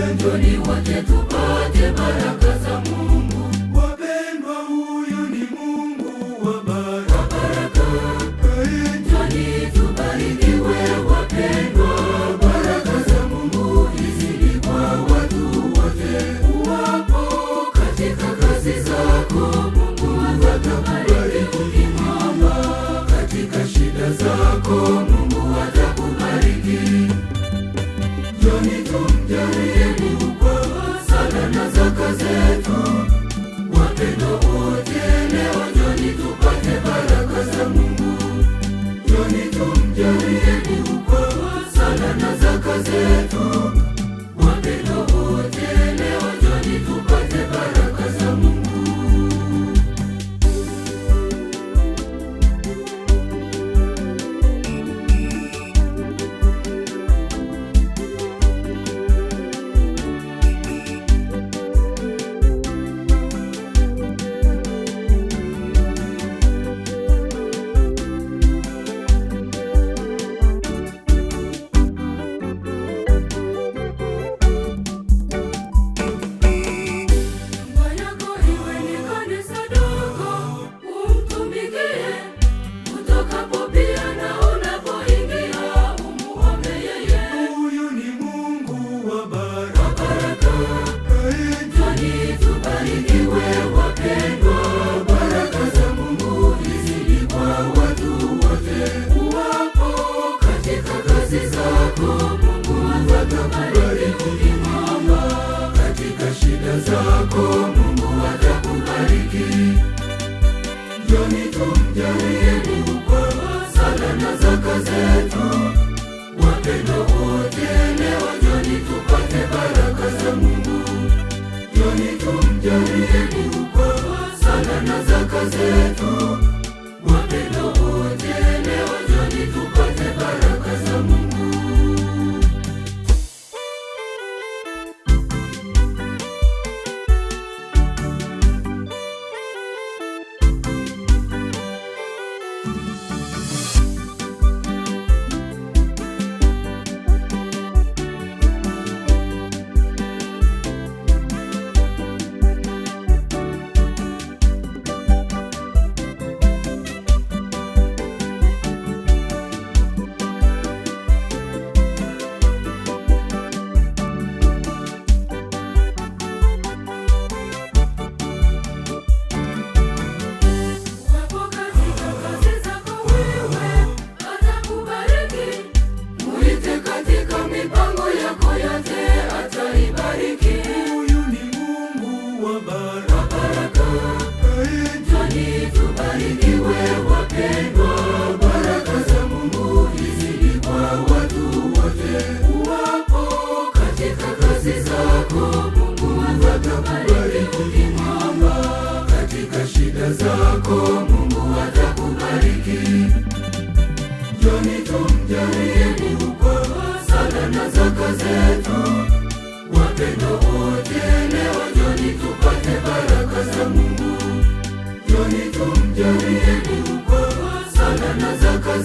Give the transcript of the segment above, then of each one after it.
Haya, njoni wote tupate baraka za Mungu. Wapendwa, huyu ni Mungu wa baraka. Njoni tubarikiwe wapendwa, baraka za Mungu izidi kwa watu wote. Uwapo katika kazi zako, Mungu atakubariki. Ukikwama katika shida zako, Mungu katika shida zako Mungu atakubariki. Njoni tumjalie Mungu kwa sala na zaka zetu.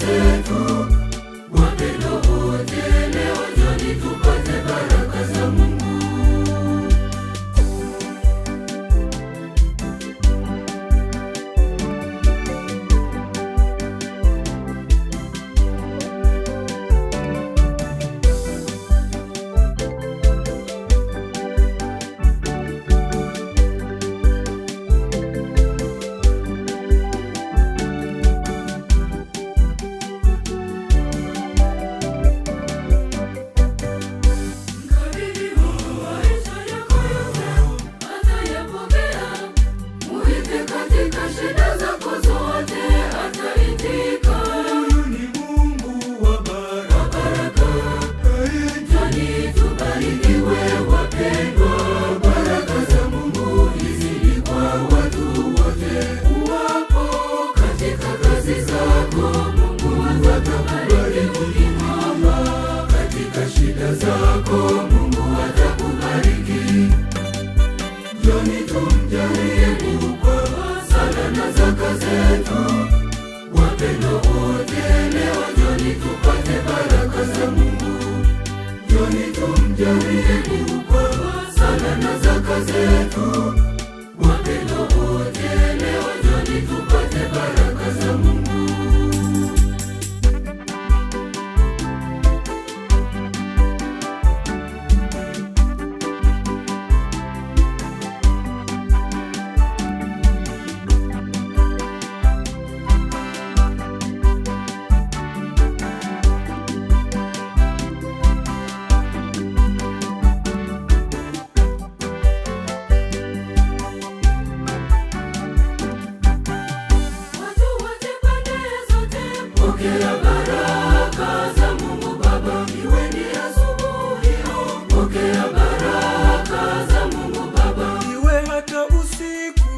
de vous. na shida zetu, wapendwa wote, leo njoni tupate baraka za Mungu, njoni tumjalie sana na zaka zetu Pokea baraka za Mungu Baba, iwe ni asubuhi leo. Pokea baraka za Mungu Baba, iwe hata usiku.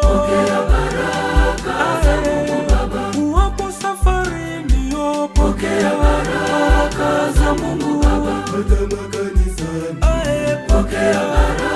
Pokea baraka za Mungu Baba, uwapo safarini. Pokea baraka za Mungu Baba, hata makanisani. Pokea baraka